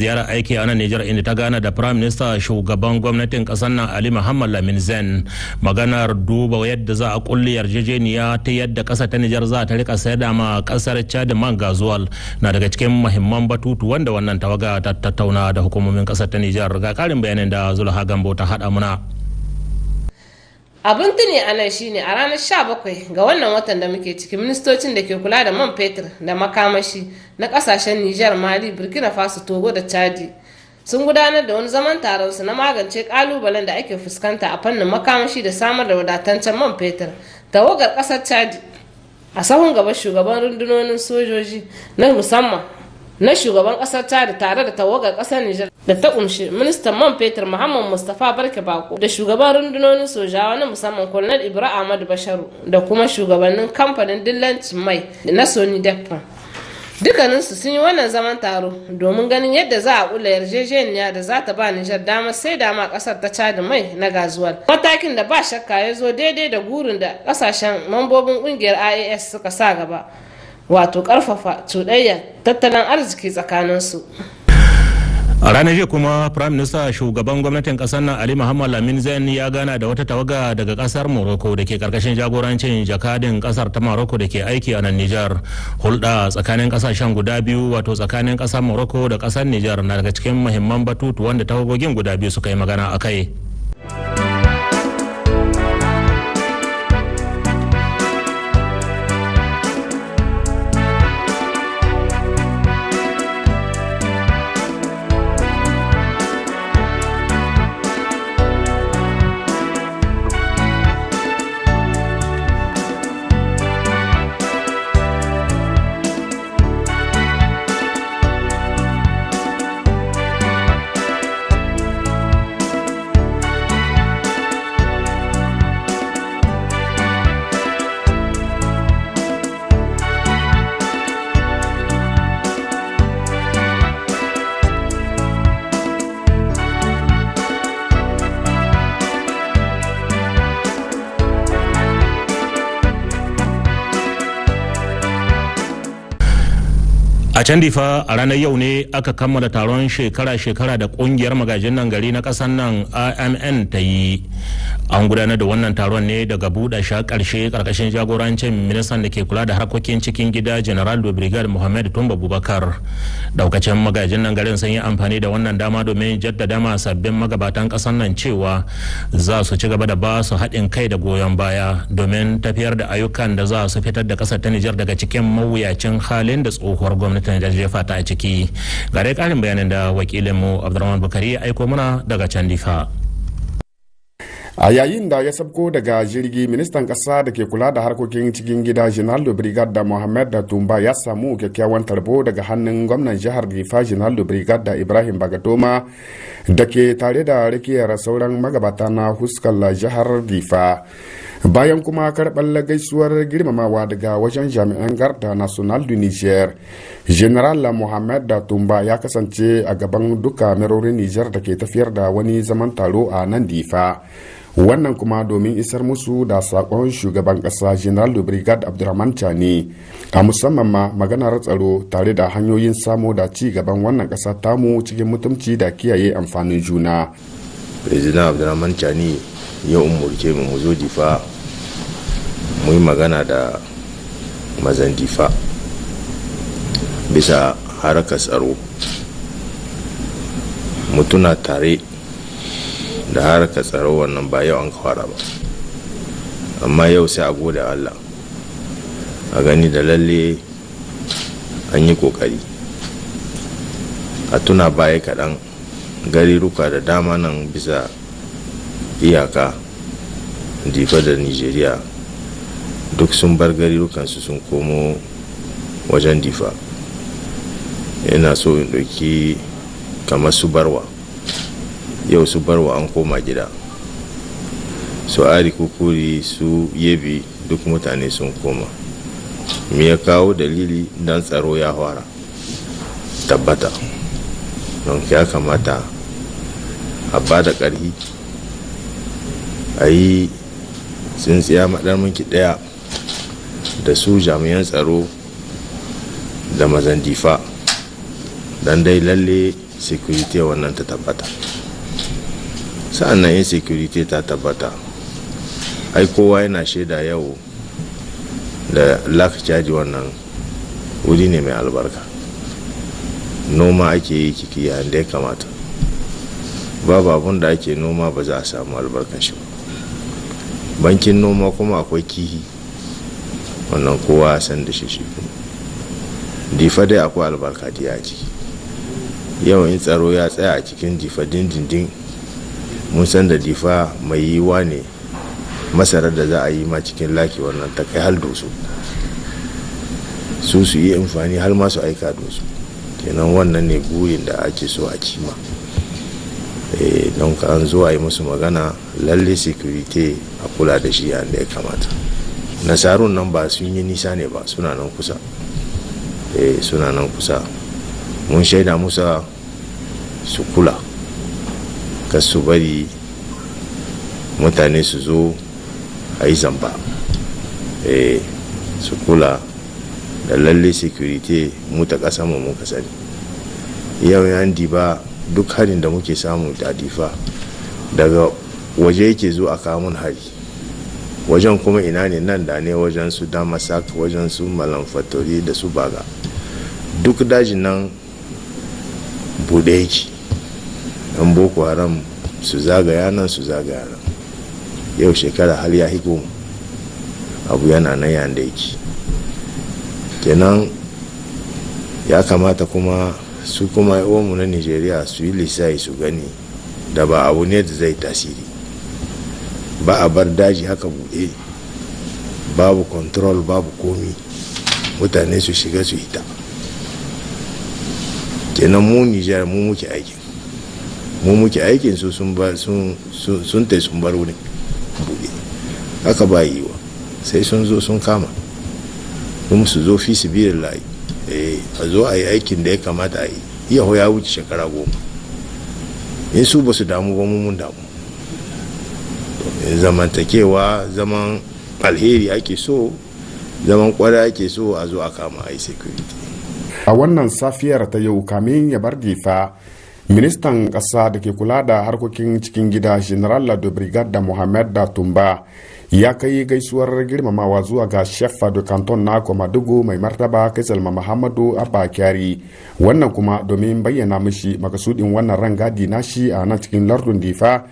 ziyarar aiki a nan Nijar inda ta gana da Prime Minister shugaban gwamnatin kasar nan Ali Muhammad Lamin Zen maganar duba yadda za a kulle yarjejeniya ta yadda kasar ta Nijar za ta rika sayar da ma kasar Chad man gazuwal na daga cikin muhimman batutu wanda wannan tawaga ta tattauna da hukumomin kasar ta Nijar ga karin bayanin da Zulha Gambo ta hada muna. abin tuni a nan shine a ranar 17 ga wannan watan da muke ciki ministocin da ke kula da man fetur da makamashi na kasashen niger mali burkina faso togo da chadi sun gudanar da wani zaman taron su na magance kalubalen da ake fuskanta a fannin makamashi da samar da wadatancen man fetur tawagar kasar chadi a sahun gaba shugaban rundunonin sojoji na musamman na shugaban kasar da tare da tawagar kasar nijar da ta kumshi ministan man fetur muhammad mustapha barke bako da shugaban rundunonin sojawa na musamman kolonel ibra Ahmad basharu da kuma shugabannin kamfanin dillanci mai na sony depa su sun yi wannan zaman taro domin ganin yadda za a kula yarjejeniya da za ta ba nijar damar sai dama kasar ta cadi mai na gazuwar. matakin da ba shakka ya zo daidai da gurin da kasashen mambobin kungiyar ias suka sa gaba wato karfafa cuɗayya tattalin arziki tsakaninsu a ranar jiya kuma prime minister shugaban gwamnatin kasar nan ali muhammad lamin zain ya gana da wata tawaga daga kasar morocco da ke karkashin jagorancin jakadin kasar ta morocco da ke aiki a nan nijar hulɗa tsakanin kasashen guda biyu wato tsakanin kasar morocco da kasar nijar na daga cikin muhimman batutu wanda tawagogin guda biyu suka yi magana a kai a can difa a ranar yau ne aka kammala taron shekara-shekara da kungiyar magajin nan gari na kasan nan amn ta yi an gudanar da wannan taron ne daga buɗa sha ƙarshe karkashin jagorancin ministan da ke kula da harkokin cikin gida general da brigade mohamed tumba bubakar daukacin magajin nan garin sun yi amfani da wannan dama domin jaddada ma sabbin magabatan kasan nan cewa za su ci gaba da ba su haɗin kai da goyon baya domin tafiyar da ayyukan da za su fitar da ƙasar ta nijar daga cikin mawuyacin halin da tsohuwar gwamnati ta da ta a ciki ga dai karin bayanin da wakilin mu Abdurrahman Bukari ya aiko mana daga can difa. a yayin da ya sabko daga jirgi ministan kasa da ke kula da harkokin cikin gida general da mohammed da tumba ya samu kyakkyawan tarbo daga hannun gwamnan jihar gifa general da ibrahim bagadoma da ke tare da rikiyar sauran magabata na huskar jihar gifa bayan kuma karɓar gaisuwar girmamawa daga wajen jami'an garda national du niger general mohamed da tumba ya kasance a gaban duka merorin niger da ke tafiyar da wani zaman taro a nan difa wannan kuma domin isar musu da sakon shugaban kasa general da brigade abdurrahman chani a musamman ma maganar tsaro tare da hanyoyin samo da ci gaban wannan kasa tamu cikin mutumci da kiyaye amfanin juna president abdurrahman chani yau umurke mu mu zo difa mu yi magana da mazan difa bisa haraka tsaro mutuna tare da haraka tsaro wannan ba yau an fara ba amma yau sai a gode allah a gani da lalle an yi kokari a tuna baya kaɗan gariruka da dama nan bisa iyaka difa da nigeria duk sun bar gari garirukansu sun komo wajen difa yana so in ɗauki kamar su barwa yau su barwa an koma gida su ari kukuri su yebi duk mutane sun koma me ya kawo dalili dan tsaro ya fara tabbata don ya kamata a bada da ƙarfi a yi tsintsiya minki ɗaya da su jami'an tsaro da mazandifa don dai lalle security wannan ta tabbata sa'annan yin security ta tabbata ai kowa yana shaida yau da laka caji wannan wuri ne mai albarka noma ake yi kiki yayin da ya kamata babu abun da ake noma ba za a samu albarkan shi ba bankin noma kuma akwai kihi wannan kowa san da shi difa dai akwai albarka a ciki yawan tsaro ya tsaya a cikin difa dindindin mun san da difa mai yiwa ne masarar da za a yi ma cikin laki wannan ta kai har su su su yi amfani har masu aika dosu kenan wannan ne burin da ake so a cima. Eh, don an zuwa yi musu magana lalle security a kula da shi yadda ya kamata nasarun nan ba sun yi nisa ne ba suna nan kusa eh, suna nan kusa mun shaida musa su kula kasu su bari mutane su zo a yi zamba eh, su kula da lalle security mu ta ƙasa mu kasa ne yau yan diba duk harin da muke samu da difa daga waje yake zo a kamun hari wajen kuma ina ne nan da ne wajen su damasak wajen su malamfatori da su baga duk dajin nan bude yake an boko haram su zagaya nan su zagaya nan yau shekara har ya higo abu yana nan yanda yake kenan ya kamata kuma su kuma uwanmu na nigeria su yi lissayi su gani da ba abu ne da zai tasiri ba a bar daji haka buɗe babu control babu komi mutane su shiga su ita kenan mu nigeria mu muke aikin mu muke aikin su sun tai sun bar wurin buɗe haka ba yiwa sai sun zo sun kama kuma su zo fi su biyar layi Eh, a zo a yi aikin da ya kamata a yi iyahu ya wuce shekara goma in su ba su damu ba mun damu eh, zamantakewa zaman alheri ake so zaman kwada ake so a zo a kama a yi security a wannan safiyar ta yau kamin ya bar difa ministan kasa da ke kula da harkokin cikin gida general da mohamed muhammad da tumba ya kai gaisuwar girmamawa zuwa ga chef fado canton na komadugu mai martaba kaisalma muhammadu abba kyari wannan kuma domin bayyana mishi makasudin wannan rangadi shi a nan cikin lardun difa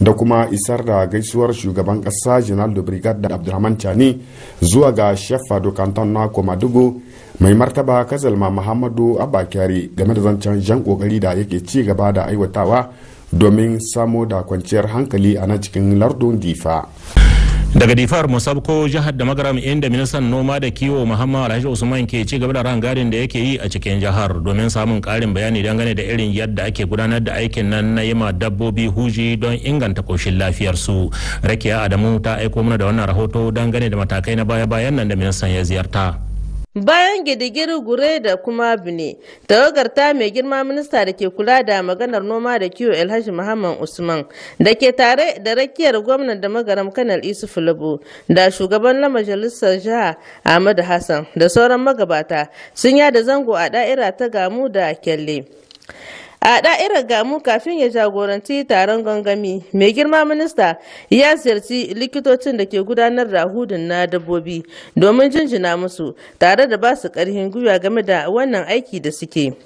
da kuma isar da gaisuwar shugaban kasa general da brigade da abdulrahman chani zuwa ga chef fado canton na komadugu mai martaba kaisalma muhammadu abba kyari game da zancen jan kokari da yake ci gaba da aiwatawa domin samo da kwanciyar hankali a nan cikin lardun difa daga difar musabko jihar da magaram inda ministan noma da kiwo muhammad alhaji usman ke ci gaba da garin da yake yi a cikin jihar domin samun karin bayani dangane da irin yadda ake gudanar da aikin nan na yima dabbobi huji don inganta koshin lafiyarsu rakiya adamu ta aiko mana da wannan rahoto dangane da matakai na baya-bayan nan da ministan ya ziyarta bayan gidigiri gure da kuma bine tawagar ta mai girma minista da ke kula da maganar noma da kiwo alhaji muhammad usman da ke tare da rakiyar gwamnan da magaram kanal isu filibu da shugaban na majalisar jiha ahmadu hassan da sauran magabata sun yada zango a da'ira ta gamu da kyalle A da'irar gamu kafin ya jagoranci taron gangami, mai girma minista ya ziyarci likitocin da ke gudanar da hudun na dabbobi domin jinjina musu tare da ba su gwiwa game da wannan aiki da suke.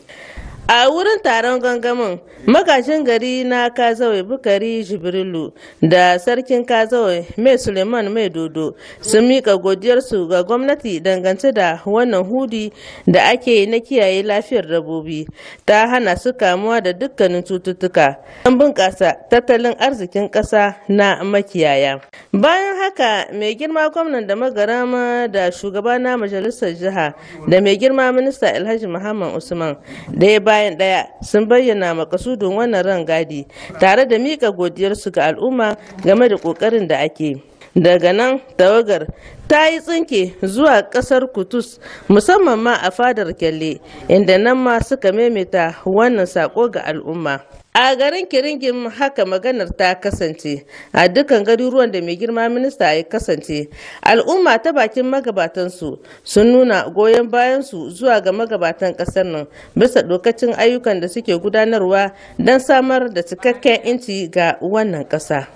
a wurin taron gangamin magajin gari na kazawai bukari jibrilu da sarkin kazawai mai suleiman mai dodo sun miƙa godiyarsu ga gwamnati dangance da wannan hudi da ake na kiyaye lafiyar dabbobi ta hana su kamuwa da dukkanin cututtuka don bunƙasa tattalin arzikin ƙasa na makiyaya bayan haka mai girma gwamnan da magarama da shugaba na majalisar jiha da mai girma minista alhaji muhammad usman da ya bayan ɗaya sun bayyana makasudin wannan rangadi tare da miƙa godiyarsu ga al'umma game da ƙoƙarin da ake daga nan tawagar ta yi tsinke zuwa ƙasar kutus musamman ma a fadar kyalle inda nan ma suka maimaita wannan saƙo ga al'umma a garin kiringin haka maganar ta kasance a dukkan garuruwan da mai girma minista ya kasance al'umma ta bakin magabatansu sun nuna goyon bayansu zuwa ga magabatan kasar nan bisa dokacin ayyukan da suke gudanarwa don samar da cikakken inci ga wannan kasa.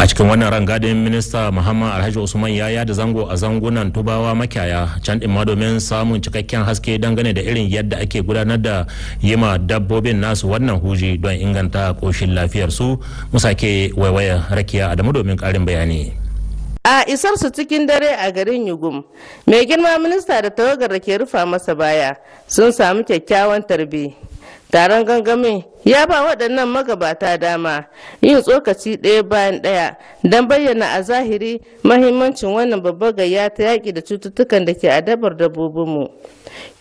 a cikin wannan rangadin minista muhammad alhaji usman ya yada zango a zangunan tubawa makiyaya can ɗin ma domin samun cikakken haske dangane da irin yadda ake gudanar da yima dabbobin nasu wannan huji don inganta koshin lafiyarsu musake waiwaya rakiya adamu domin ƙarin bayani a isar su cikin dare a garin yugum mai girma minista da tawagar da ke rufa masa baya sun samu kyakkyawan tarbi taron gangamin ya ba waɗannan magabata dama yin tsokaci ɗaya bayan ɗaya don bayyana a zahiri mahimmancin wannan babbar gayya ta yaƙi da cututtukan da ke adabar dabbobinmu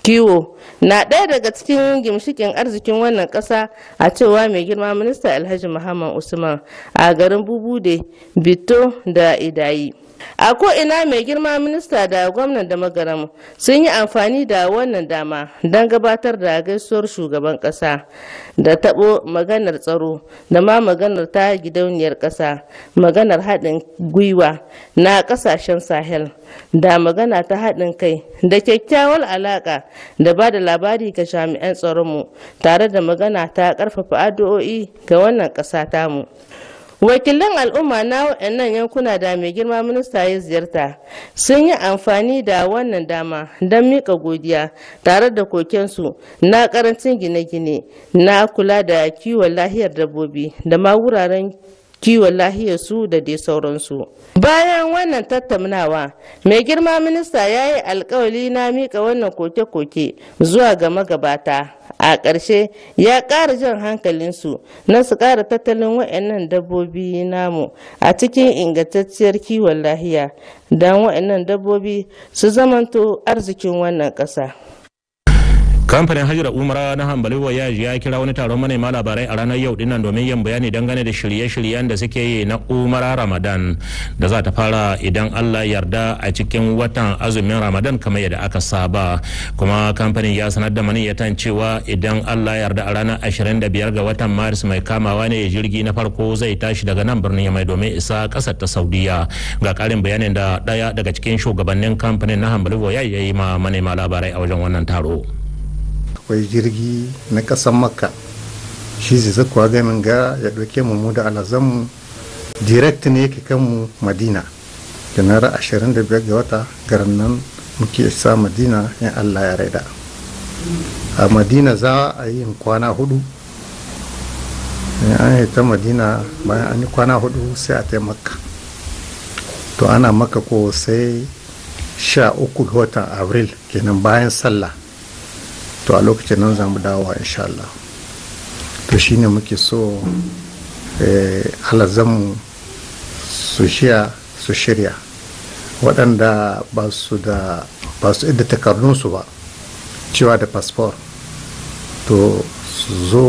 kiwo na ɗaya daga cikin gimshikin arzikin wannan ƙasa a cewa mai girma minista alhaji muhammad usman a garin bubude bito da idayi a ko ina mai girma minista da gwamnan da magaram sun yi amfani da wannan dama don gabatar da gaisuwar shugaban kasa da tabo maganar tsaro da ma maganar ta gidauniyar kasa maganar haɗin gwiwa na ƙasashen sahel da magana ta haɗin kai da kyakkyawar alaƙa da ba da labari ga jami'an tsaronmu tare da magana ta ƙarfafa addu'o'i ga wannan ƙasa tamu. wakilan al'umma na waɗannan yankuna da mai girma minista ya ziyarta sun yi amfani da wannan dama don miƙa godiya tare da kokensu na karancin gine-gine na kula da kiwon lahiyar dabbobi da ma wuraren kiwon lahiyarsu da dai sauransu. Bayan wannan tattaunawa, mai girma minista ya yi alkawali na mika wannan koke-koke zuwa ga magabata. A ƙarshe ya ƙara jan hankalinsu na su ƙara tattalin wa'annan dabbobi namu a cikin ingantacciyar kiwon lahiya don wa'annan dabbobi su zamanto arzikin wannan ƙasa. kamfanin hajjar umara na hambali voyage ya kira wani taron manema labarai a ranar yau dinnan domin yin bayani dangane da shirye-shiryen da suke yi na umara ramadan da za ta fara idan allah yarda a cikin watan azumin ramadan kamar yadda aka saba kuma kamfanin ya sanar da maniyatan cewa idan allah yarda a ranar 25 ga watan maris mai kamawa ne jirgi na farko zai tashi daga nan birnin mai domin isa kasar ta saudiya ga karin bayanin da daya daga cikin shugabannin kamfanin na hambali voyage ya yi ma manema labarai a wajen wannan taro. akwai jirgi na ƙasan makka shi zai zakuwa gamin ga ya ɗauke mu mu da alazanmu direct ne yake kan mu madina janara 25 ga wata garin nan muke isa madina in allah ya raida a madina za a yi kwana hudu an yi ta madina bayan an yi kwana hudu sai a ta makka to ana maka ko sai sha uku watan abril kenan bayan sallah to a lokacin nan za mu dawowa insha Allah to shine muke so eh, alazanmu su shiya su shirya waɗanda ba su da ba su inda su ba cewa da fasfor to su zo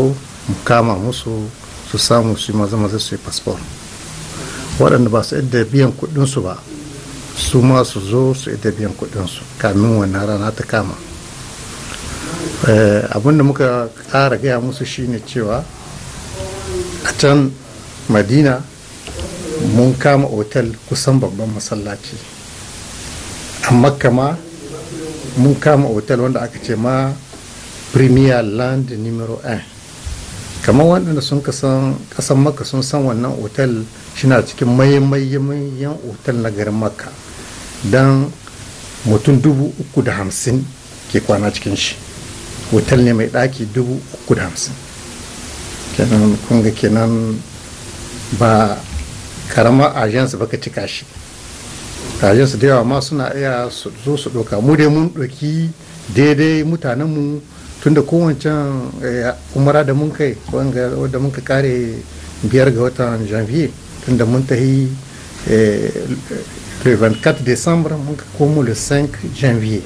mu kama musu su samu su ma maza maza su yi fasfor waɗanda ba su inda biyan kuɗinsu ba su ma su zo su inda biyan kuɗinsu kamin wannan rana ta kama Eh, abinda muka ƙara gaya musu shine cewa a can madina mun kama otal kusan babban masallaci a makka mun kama otal wanda aka ce ma premier land numero 1 kamar waɗanda sun kasan ƙasan maka sun san wannan otal shina cikin mayan otal na garin makka don mutum dubu uku da hamsin ke kwana cikin shi wutar ne mai ɗaki dubu uku da hamsin kenan kunga kenan ba karama ajansu baka cika shi ajansu da yawa ma suna iya zo su ɗauka mu dai mun ɗauki daidai mutanenmu tunda kowancan eh, umara da mun kai wanda mun ka kare biyar ga watan janvier tunda mun tahi eh, le 24 december mun ka komo le 5 janvier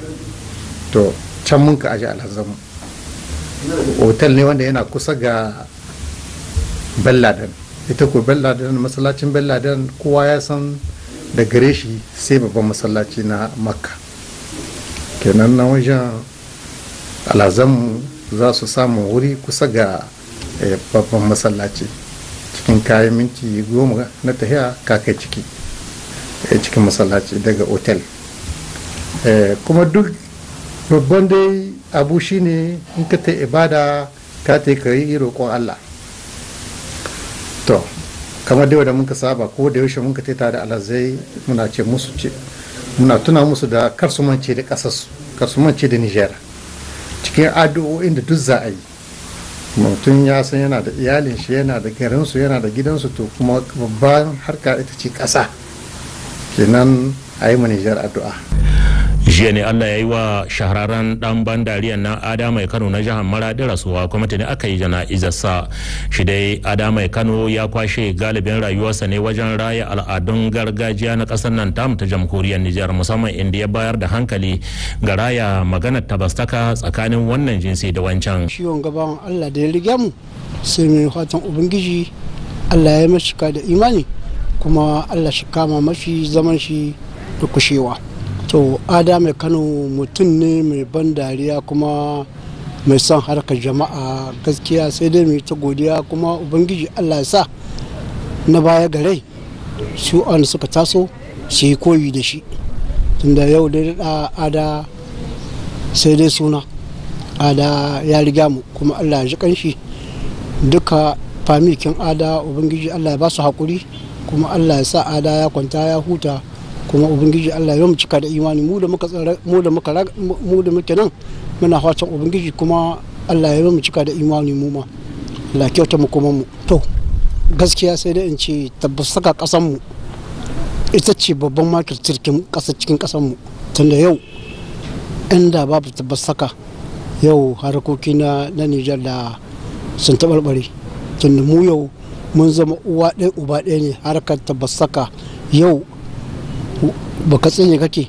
to can mun ka aji alhazanmu otal ne wanda yana kusa ga belladan ita ku belladan masallacin belladan kowa ya san da gare shi sai babban masallaci na makka kenan na wajen alazan za su samu wuri kusa ga eh, babban masallaci cikin kayan minti goma na tahiya kakai ciki eh, cikin masallaci daga otal eh, kuma duk babban dai abu shine in ka ta ibada ka ta ka yi roƙon Allah to kamar da mun ka saba ko da yaushe mun ka ta da alazai muna ce musu ce muna tuna musu da kar da ƙasar su kar da Niger cikin addu'o'in da duk za a yi mutum ya san yana da iyalin shi yana da garinsu yana da gidansu to kuma babban harka ita ce ƙasa kenan a yi Niger addu'a jiya ne allah ya yi wa shahararren dan bandariyar na adama kano na jihar maradi rasuwa kuma tuni aka yi jana'izarsa shi dai adama kano ya kwashe galibin rayuwarsa ne wajen raya al'adun gargajiya na kasar nan tamu ta jamhuriyar nijar musamman inda ya bayar da hankali ga raya maganar tabastaka tsakanin wannan jinsi da wancan ciwon gaban allah da ya riga mu sai mai fatan ubangiji allah ya yi mashi da imani kuma allah shi kama mafi zaman shi da kushewa to ada mai kano mutum ne mai ban dariya kuma mai son harkar jama'a gaskiya sai dai mai ta godiya kuma ubangiji allah sa na baya gare su an suka taso su yi koyi da shi tunda yau da da ada sai dai suna ada ya riga mu kuma allah ya ji kanshi duka famikin ada ubangiji allah ya ba su haƙuri kuma allah ya sa ada ya kwanta ya huta kuma ubangiji Allah ya cika da imani mu da muke nan muna fatan ubangiji kuma Allah ya mu cika da imani mu ma Allah kyauta mu kuma mu to gaskiya sai dai in ce tabbas saka kasan mu ita ce babban makir cikin kasa cikin kasan mu tunda yau inda babu tabbas saka yau harkoki na na Nijar da sun tabarbare tunda mu yau mun zama uwa ɗaya uba ɗaya ne harkar tabbas saka yau ba ka tsine kake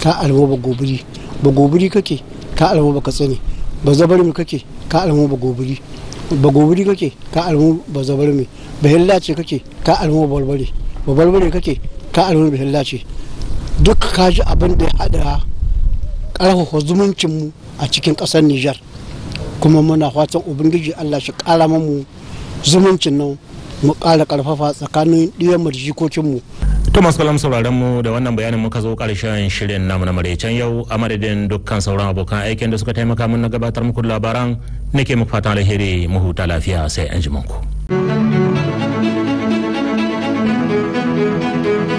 ka almo ba gobiri ba gobiri kake ka almo ba ka tsine ba zabarmi kake ka almo ba gobiri ba gobiri kake ka almo ba zabarmi ba hillace kake ka almo ba balbare ba balbare kake ka almo ba hillace duk ka ji abin da ya hada karfafa zumuncinmu a cikin kasar Nijar kuma muna fatan ubangiji Allah shi ƙara mu zumuncin nan mu kara karfafa tsakanin ɗiyan mu da jikokinmu To masu kallon sauraron mu da wannan bayanin muka zo karshen shirin namu na maraicen yau a madadin dukkan sauran abokan aikin da suka taimaka mun na gabatar muku labaran nake muku fatan alheri mu huta lafiya sai an ku. thank you